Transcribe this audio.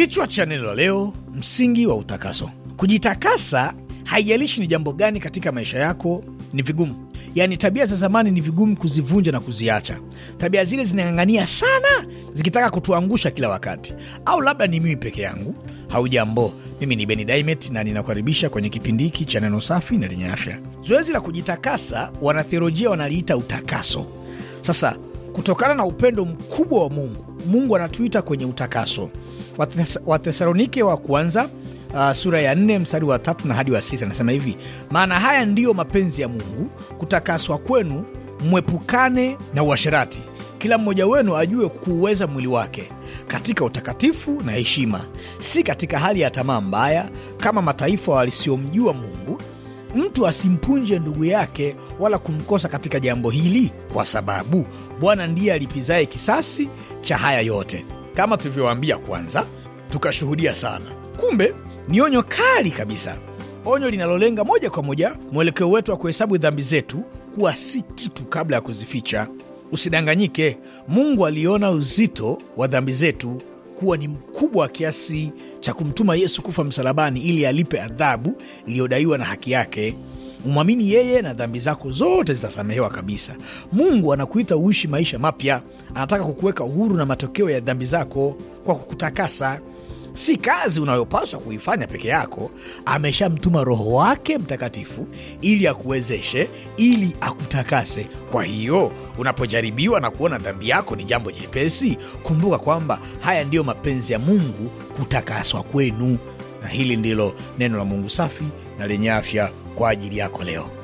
Kichwa cha neno la leo: msingi wa utakaso. Kujitakasa, haijalishi ni jambo gani katika maisha yako, ni vigumu. Yaani tabia za zamani ni vigumu kuzivunja na kuziacha. Tabia zile zinang'ang'ania sana, zikitaka kutuangusha kila wakati. Au labda ni mimi peke yangu? Haujambo, mimi ni Beni Daimet na ninakukaribisha kwenye kipindi hiki cha neno safi na lenye afya. Zoezi la kujitakasa, wanatheolojia wanaliita utakaso. Sasa kutokana na upendo mkubwa wa Mungu. Mungu anatuita kwenye utakaso. Wathesalonike wa kwanza Uh, sura ya nne mstari wa tatu na hadi wa sita anasema hivi: maana haya ndiyo mapenzi ya Mungu, kutakaswa kwenu, mwepukane na uasherati. Kila mmoja wenu ajue kuuweza mwili wake katika utakatifu na heshima, si katika hali ya tamaa mbaya, kama mataifa walisiomjua Mungu mtu asimpunje ndugu yake wala kumkosa katika jambo hili, kwa sababu Bwana ndiye alipizaye kisasi cha haya yote, kama tulivyowaambia kwanza, tukashuhudia sana. Kumbe ni onyo kali kabisa, onyo linalolenga moja kwa moja mwelekeo wetu wa kuhesabu dhambi zetu kuwa si kitu kabla ya kuzificha. Usidanganyike, Mungu aliona uzito wa dhambi zetu kuwa ni mkubwa kiasi cha kumtuma Yesu kufa msalabani ili alipe adhabu iliyodaiwa na haki yake. Umwamini yeye na dhambi zako zote zitasamehewa kabisa. Mungu anakuita uishi maisha mapya, anataka kukuweka uhuru na matokeo ya dhambi zako kwa kukutakasa si kazi unayopaswa kuifanya peke yako. Ameshamtuma Roho wake Mtakatifu ili akuwezeshe, ili akutakase. Kwa hiyo unapojaribiwa na kuona dhambi yako ni jambo jepesi, kumbuka kwamba haya ndiyo mapenzi ya Mungu, kutakaswa kwenu. Na hili ndilo neno la Mungu safi na lenye afya kwa ajili yako leo.